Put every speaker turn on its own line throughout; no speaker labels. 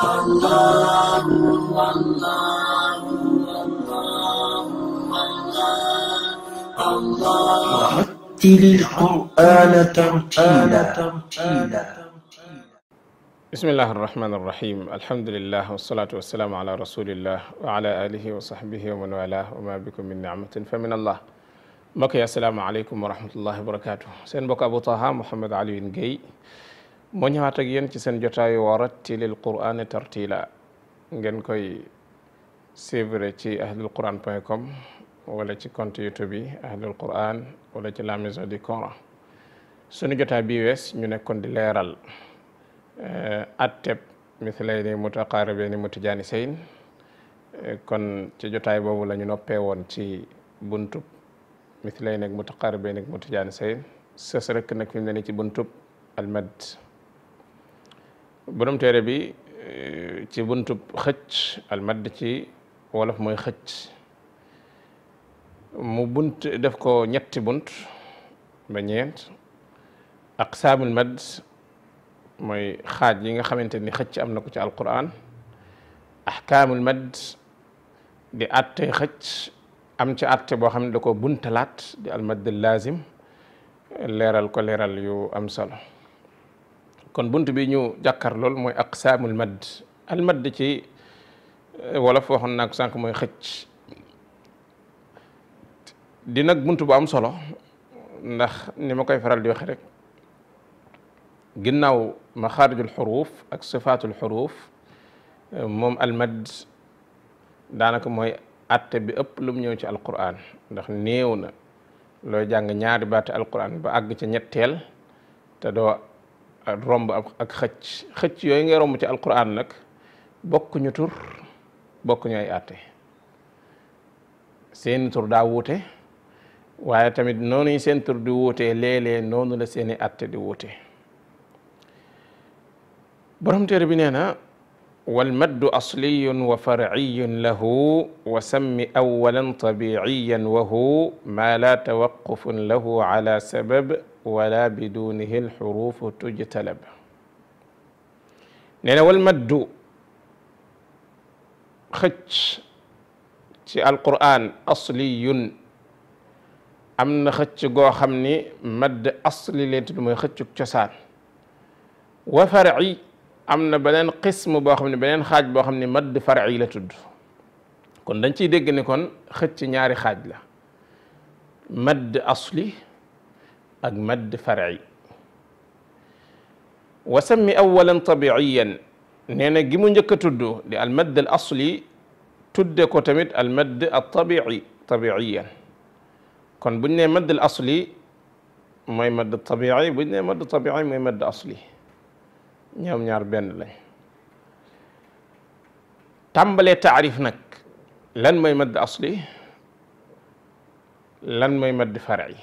رتل القرآن ترتيلا بسم الله الرحمن الرحيم الحمد لله والصلاة والسلام على رسول الله وعلى آله وصحبه ومن والاه وما بكم من نعمة فمن الله مكي السلام عليكم ورحمة الله وبركاته سين بك أبو طه محمد علي بن جي moo ñëwaat ak ci seen jotaayu wa rattilil qur'ana tartila ngeen koy suivre ci ahlul quran point wala ci compte youtube yi ahlul quran wala ci la maison du coran sunu jotaay bi wees ñu nekkoon di leeral eh, atteb mithlayni jaani mutijanisayn eh, kon ci jotaay boobu la ñu noppee woon ci buntub mithlayni ak mutaqaribeyni ak mutijanisayn sës rek nag fi mu ne ni ci buntub almad برم تيري بي تي بونتو خچ المد تي ولف موي خچ مو بونت داف كو نيت بونت با نينت اقسام المد موي خاج ليغا خامتيني خچ امنا كو تي القران احكام المد دي اتي خچ ام تي اتي بو خامن داكو بونتلات دي المد اللازم ليرال كو ليرال يو ام صلو kon buntu bi ñu jàkkar lol moy aqsamul mad al mad ci wala fo xon nak sank moy xëcc di nak buntu bu am solo ndax ni ma koy faral di wax rek ginnaaw maxaarijul huruf ak sifaatul huruf mom al mad danaka moy atte bi ëpp lu ñëw ci al qur'an ndax neewna na jàng ñaari baati al qur'an ba ag ci ñettel te do الرمب أك خش خش يو إنجا رمب القرآن لك بوك نيوتور بوك نيوي آتي سين تور دا ووتي وايا نوني سين تور دي ليلي نوني لسيني آتي دي ووتي برهم تيري والمد أصلي وفرعي له وسم أولا طبيعيا وهو ما لا توقف له على سبب wala bidunihi alxurufu tujtalab nee wal maddu xëcc ci alquran asliyun am na xëcc goo xam ni madd asli leen tudd mooy xëccug cosaan wa farci am na beneen qism boo xam ne beneen xaaj boo xam ne madd farci la tudd kon dañ ci dégg ni kon xëcc ñaari xaaj la madd asli أجمد فرعي وسمي أولا طبيعيا نينا جيمون جك تدو للمد الأصلي تد كوتميت المد الطبيعي طبيعيا كون بني مد الأصلي ما مد الطبيعي بني مد الطبيعي ما مد أصلي نيوم نيار بين الله تمبلي تعريفنك لن ما مد أصلي لن ما مد فرعي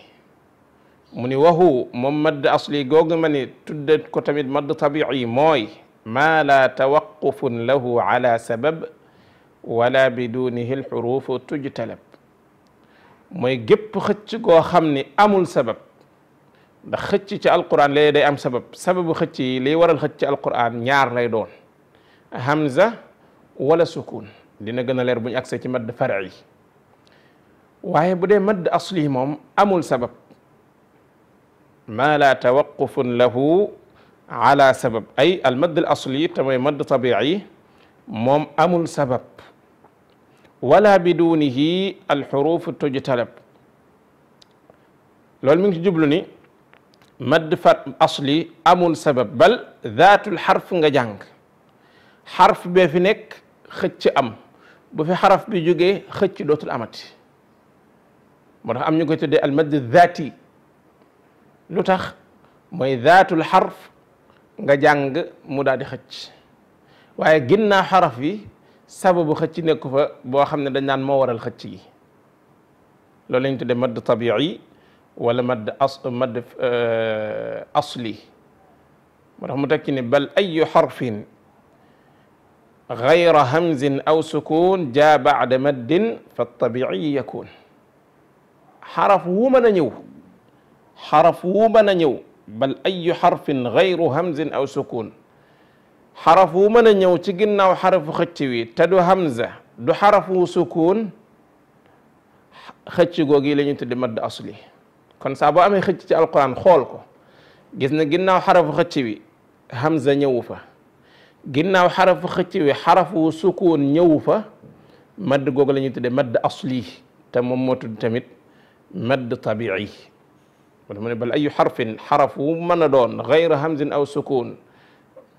mu ni waxu moom madd asli googu ma ni tudde ko tamit madd tabi'i mooy maa laa tawaqufun lahu ala sabab wala bidunihi lxurufu tujtalab mooy gépp xëcc goo xam ni amul sabab ndax xëcc ci alquran léegi day am sabab sababu xëcc yi liy waral xëcc ci alquran ñaar lay doon hamza wala sukun dina gën a leer bu ñu agsee ci madd far'i waaye bu dee madd asli moom amul sabab ما لا توقف له على سبب أي المد الأصلي تمام مد طبيعي مم أمل سبب ولا بدونه الحروف تجتلب لو لم تجبلني مد أصلي أمل سبب بل ذات الحرف نجانج حرف بفنك خدش أم بفي حرف بيجوجي خدش دوت الأمت مرح أم نقول المد الذاتي lu tax mooy zaatul xarf nga jàng mu daal di xëcc waaye ginnaaw xaraf wi sababu xëcc nekku boo xam ne dañ naan moo waral xëcc gi loolu lañ tudde madd tabi'i wala madd as euh, asli moo tax mu tekki ne bal ayu xarfin gayra hamzin aw sukun jaa baada maddin fa tabi'i yakun xaraf wu mën a ñëw xaraf wu mën a ñëw bal ayu xarfin gayru hamzin aw sukun xaraf wu mën a ñëw ci ginnaaw xarafu xëcc wi te du hamza du xarafu sukun xëcc googi la ñu tudde madd asli kon saa boo amee xëcc ci alquran xool ko gis na ginnaaw xarafu xëcc wi hamza ñëw fa ginnaaw xarafu xëcc wi xarafu sukun ñëwu fa madd googu la ñuy tudde madd asli te moom moo tudd tamit madd tabii kon mu ne bal ayu xarfin xaraf wu mën a doon gayra hamzin aw sukun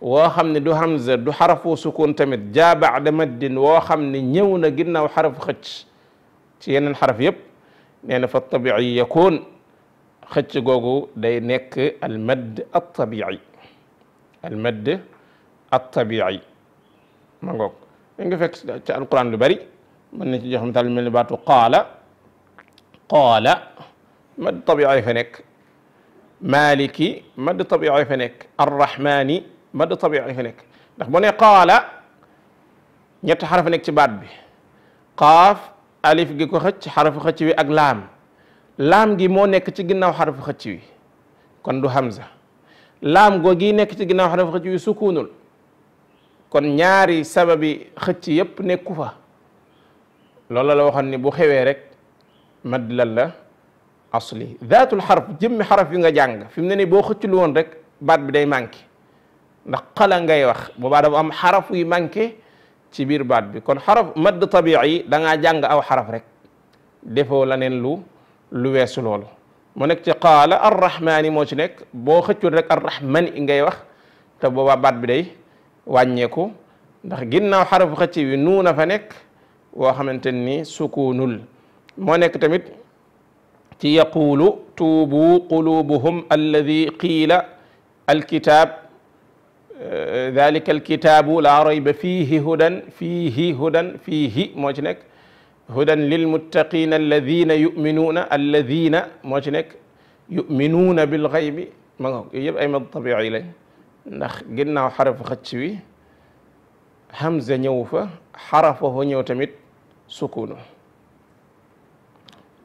woo xam ne du hamza du xarafu sukun tamit jaa baada maddin woo xam ne ñëw na ginnaaw xaraf xëcc ci yeneen xaraf yëpp nee na fa tabici yakun xëcc googu day nekk almadd attabici almadd attabici ma ngoog da nga fekk ci alquran lu bari mën na ci jox misaal mel ni baatu qaala qaala madd tabiica fa nekk maliki madd tabiica fa nekk arrahmaani madd tabiica fa nekk ndax bu ne qaala ñetti xaraf nekk ci baat bi qaaf alif gi ko xëcc xarafu xëcc wi ak laam laam gi moo nekk ci ginnaaw xarafu xëcc wi kon du hamza laam googi nekk ci ginnaaw xarafu xëcc wi sukuunul kon ñaari sababi xëcc yépp nekku fa loolu la waxoon ni bu xewee rek madd lan la asli zaatul xaraf jëmmi xaraf yi nga jàng fi mu ne nii boo xëccul woon rek baat bi day manqué ndax qala ngay wax boobaa dafa am xaraf yu manqué ci biir baat bi kon xaraf madd tabi'i da ngaa jàng aw xaraf rek defoo la lu lu weesu loolu mu nekk ci qaala arrahmaani moo ci nekk boo xëccul rek arrahmani ngay wax te boobaa baat bi day wàññeeku ndax ginnaaw xarafu xëcc bi nuuna fa nekk woo xamante ni sukuunul moo tamit تيقول توبوا قلوبهم الذي قيل الكتاب آه، ذلك الكتاب لا ريب فيه هدى فيه هدى فيه موجنك هدى للمتقين الذين يؤمنون الذين موجنك يؤمنون بالغيب ما يجب أي من الطبيعي لي نخ قلنا حرف خدشوي همزة نيوفة حرفه نيوتمت سكونه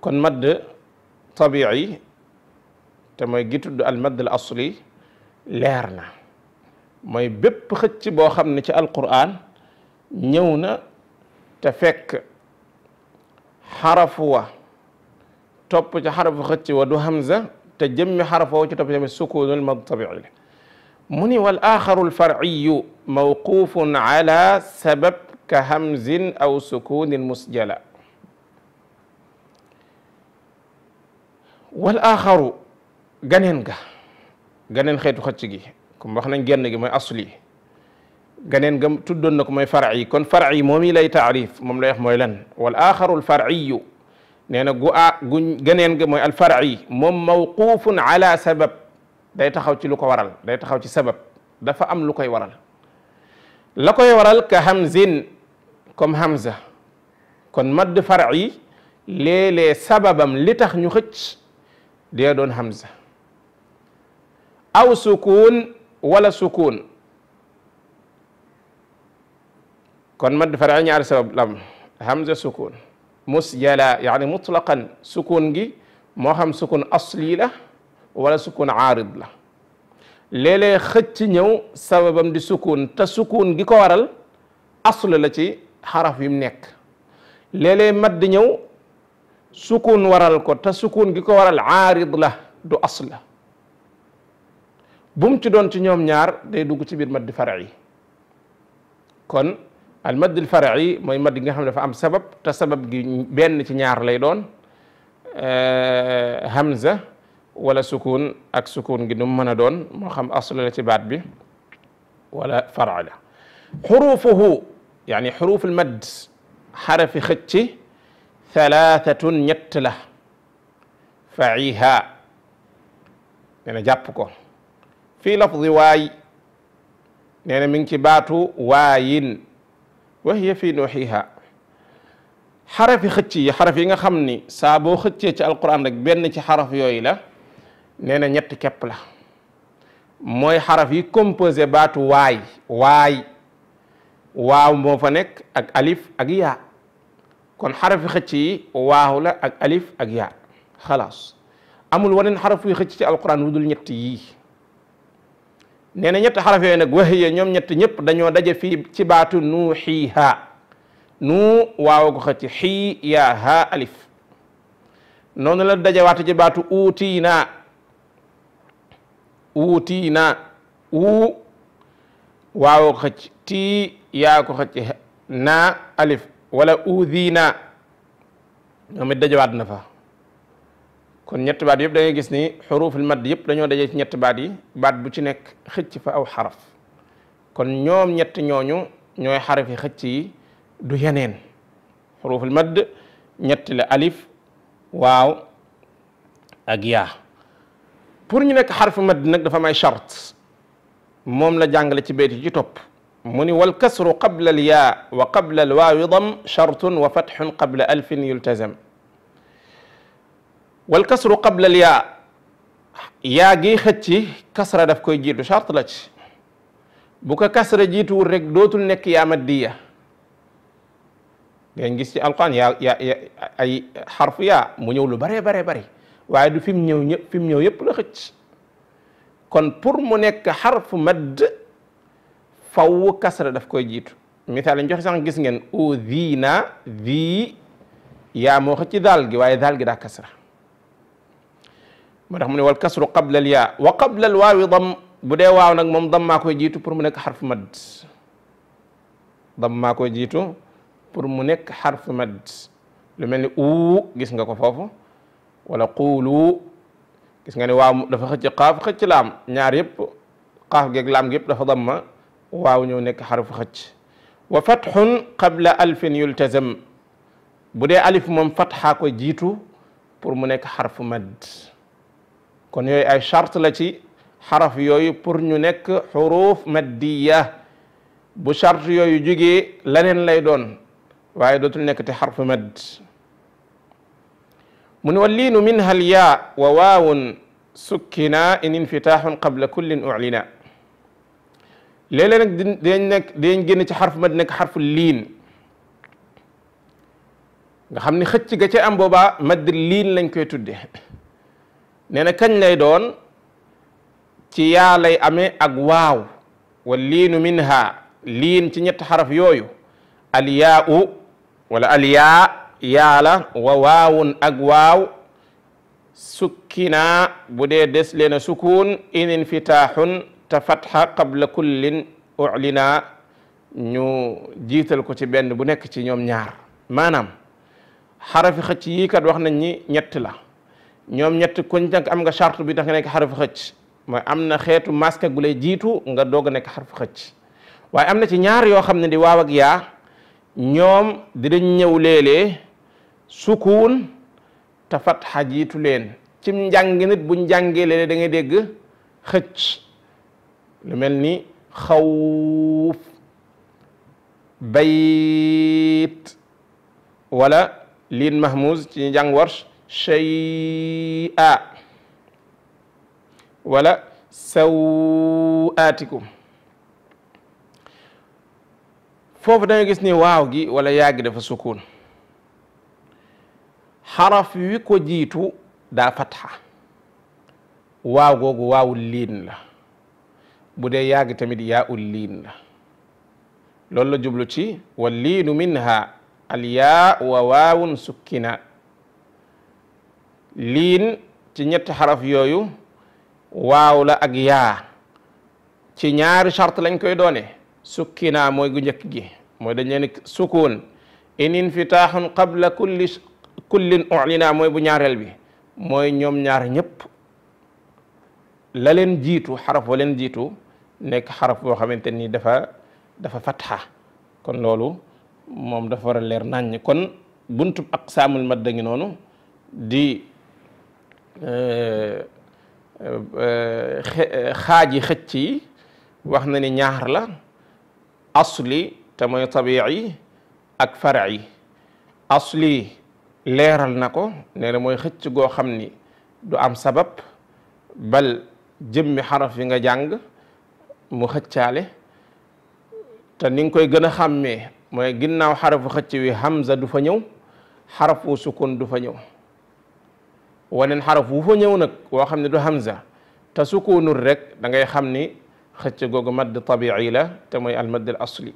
كن مد طبيعي تماي جيتو المد الاصلي ليرنا ماي بيب خيتي بو خامني تي القران نيونا تفك حرف و توب تي حرف خيتي ودو همزه تجمع حرف و توب تي سكون المد الطبيعي مني والاخر الفرعي موقوف على سبب كهمز او سكون مسجله wal aaxaru ganeen ga ganeen xeetu xëcc gi comme wax nañ genn gi mooy asli ganeen ga tuddoon na ko mooy farc yi kon farc yi moom yi lay taarif moom lay wax mooy lan wal aaxaru alfarciyu nee na gu a gu ganeen ga mooy alfarc yi moom mawquufun ala sabab day taxaw ci lu ko waral day taxaw ci sabab dafa am lu koy waral la koy waral ka hamzin comme hamza kon madd farc yi léeg-léeg sababam li tax ñu xëcc dee doon hamza aw sukun wala sukun kon mad fara ñaari sabab lam hamza sukun musjala yaani mutlaqan sukun gi moo xam sukun asli la wala sukun aarid la léeg-léeg xëcc ñëw sababam di sukun te sukun gi ko waral asl la ci xaraf yi mu nekk léeg-léeg mad ñëw sukun waral ko te sukun gi ko waral aarid la du asl la bu mu ci doon ci ñoom ñaar day dugg ci biir maddi far'i kon al madd al far'i mooy madd gi nga xam ne dafa am sabab te sabab gi benn ci ñaar lay doon hamza wala sukun ak sukun gi nu mu mën a doon moo xam asl la ci baat bi wala far'a la xurufuhu yani xuruf al madd xarafi xëcc thalathatun ñett la faiha nee na jàpp ko fii lafdi waay nee na mi ngi ci baatu waayin wa hiya fii nuxiha xarafi xëcc yi nga xam ni saa boo xëccee ci alquran rek benn ci xaraf yooyu la nee na ñetti képp la mooy xaraf yi composé baatu waay waay waaw moo fa nekk ak alif ak yaa kon xarafi xëcc yi waaw la ak alif ak yaa xalaas amul waneen xaraf yu xëcc ci alquran wu dul ñett yi nee ñetti ñett xaraf yooyu nag waxiyee ñoom ñett ñëpp dañoo daje fii ci baatu nuu xii haa nuu waaw ko xëcc xii yaa haa alif noonu la dajewaatu ci baatu uutiinaa na uu waaw ko xëcc tii yaa ko xëcc naa alif ولا أوذينا نعم الدجاج بعد نفا كون نيت بعد يبدا يجلس ني حروف المد يبدا نيو دجاج نيت بعد بعد بوتي نك او حرف كون نيوم نيت نيو نيو نيو حرف خيتش دو ينين حروف المد نيت الالف واو اجيا pour ñu حرف مد نك دا ماي شرط موم لا جانغلي تي بيتي جي mu ni wal kasru qabla al yaa wa qabla al waawi dam shartun wa fatxun qabla alfin yultazam wal kasru qabla al yaa yaa gi xëcc kasra daf koy jiitu shart la bu ko kasra jiituwul rek dootul nekk yaa maddiya ngeen gis ci alquran yaa ay mu ñëw lu bare bare bari waaye du fi mu ñëw ñëpp fi mu ñëw yëpp xëcc kon pour mu nekk xarfu madd faw kasra daf koy jitu misal ñu joxe sax gis ngeen u ziina zi ya mo xëcc gi waye dal gi da kasra moo tax mu ne wal kasru qabla al ya wa qabla al waw dam bu dee waaw nag dam ma koy jitu pour mu nek harf mad dam ma koy jitu pour mu nek harf mad lu melni u gis nga ko fofu wala qulu gis nga ni waw dafa xati qaf xati lam ñaar yep qaf gek lam gep dafa dam waaw ñëw nekk xarfu xëcc wa fatxun qabla alfin yultazam bu dee alif moom fatxaa ko jiitu pour mu nekk xarfu mad kon yooyu ay charte la ci xaraf yooyu pour ñu nekk xuruuf maddiya bu charte yooyu jógee laneen lay doon waaye dootul nekk te xarfu mad mu ne walliinu minha alyaa wa waawun sukkina in infitaaxun qabla kullin uclina léeg-léeg nag dinañ nekk dinañ génn ci xarfu ma di nekk xarfu liin nga xam ni xëcc ga ca am boobaa madd liin lañ koy tudde nee na kañ lay doon ci yaa lay amee ak waaw wa liinu minha liin ci ñetti xaraf yooyu alyaau wala alyaa yaa la wa waawun ak waaw sukkina bu dee des leen a sukuun in infitaaxun تفتح قبل كل أعلنا نو جيت الكتبين بنك تنيوم نيار ما نام حرف خط يك دوخنا ني نيت لا نيوم نيت كون تاك امغا شرط بي تاك نيك حرف خط ما امنا خيتو ماسك غولاي جيتو nga dog nek حرف خط واي امنا تي نيار يو خامن دي واو يا نيوم دي دن نيو ليلي سكون تفتح جيتو لين تيم جانغي نيت بو جانغي ليلي داغي دغ خط lu mel ni xawf bayt wala liin mahmuz ci njàng warsh shay'a wala sawaatikum foofu danga gis ni waaw gi wala yaa gi dafa sukun wi ko jiitu daa fatxa waaw googu liin la bu dee yaa gi tamit yaa ul liin la loolu la jublu ci wa liinu minha al yaa wa waawun sukkina liin ci ñetti xaraf yooyu waaw la ak yaa ci ñaari charte lañ koy doone sukkina mooy gu njëkk gi mooy dañ leen sukuun in infitaaxun qabla kulli kullin ulina mooy bu ñaareel bi mooy ñoom ñaar ñëpp la leen jiitu xaraf wa jiitu nekk xaraf boo xamante ni dafa dafa fatxa kon loolu moom dafa war a leer naññ kon buntub aqsaamul madda ngi noonu di eh, eh, xaaji xëcc yi wax na ni ñaar la asli te mooy tabi'i ak far'i asli leeral na ko nee mooy xëcc goo xam ni du am sabab bal jëmmi xaraf yi nga jàng mu xëccaale te ni nga koy gën a xàmmee mooy ginnaaw xarafu xëcc wi hamza du fa ñëw xarafu sukun du fa ñëw waneen xaraf wu fa ñëw nag woo xam ne du hamza te sukunul rek da ngay xam ni xëcc googu madd tabi'i la te mooy al madd asli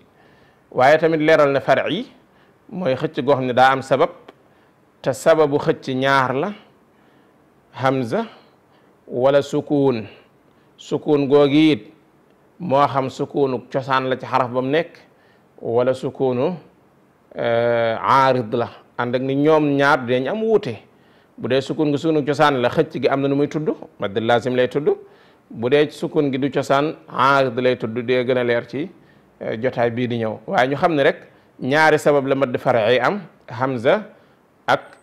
waaye tamit leeral na far'i mooy xëcc goo xam ne daa am sabab te sababu xëcc ñaar la hamza wala sukun sukun googu moo xam sukuunu cosaan la ci xaraf ba nekk wala sukuunu eh, aarid la ànd ak ni ñoom ñaar dinañ am wuute bu dee sukun gi sukuunu cosaan la xëcc gi am na nu muy tudd madd lazim lay tudd bu dee sukun gi du cosaan aarid lay tudd dee gën a leer ci eh, jotaay bii di ñëw waaye ñu xam ne rek ñaari sabab la madd farci am hamza ak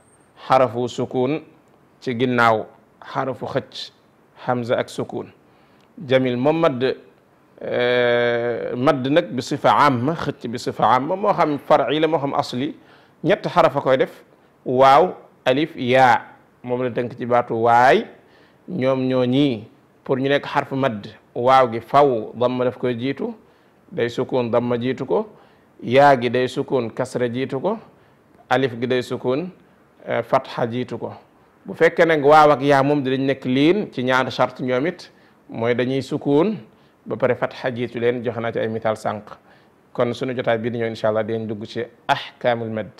xarafu sukun ci ginnaaw xarafu xëcc hamza ak sukun jamil moom madd Euh, madd nag bi sifa amma xëcc bi sifa amma moo xam far'i la moo xam asli ñett xarafa koy def waaw alif yaa moom la dënk ci baatu waay ñoom ñoo ñii pour ñu nekk xarfu madd waaw gi faw damma daf koy jiitu day sukun damma jiitu ko yaa gi day sukun kasra jiitu ko alif gi day sukun euh, fatxa jiitu ko bu fekkee nag waaw ak yaa moom dinañ nekk liin ci ñaan charte ñoomit it mooy dañuy sukun ba pare fatxa jiitu leen joxe naa ci ay mithal sank kon suñu jotaay bi di ñëw incha allah dinañ dugg ci ahkamul mad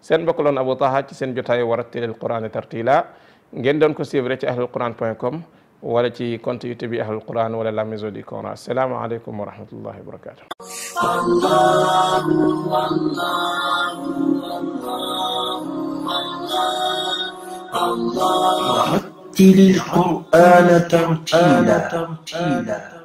seen mbokk loon Abou Taha ci seen jotaay warattilil alquran tartila ngeen don ko suivre ci ahlulquran.com wala ci compte youtube ahlulquran wala la maison du Coran alaykum wa rahmatullahi wa barakatuh Allah, Allah, Allah, Allah, Allah, Allah,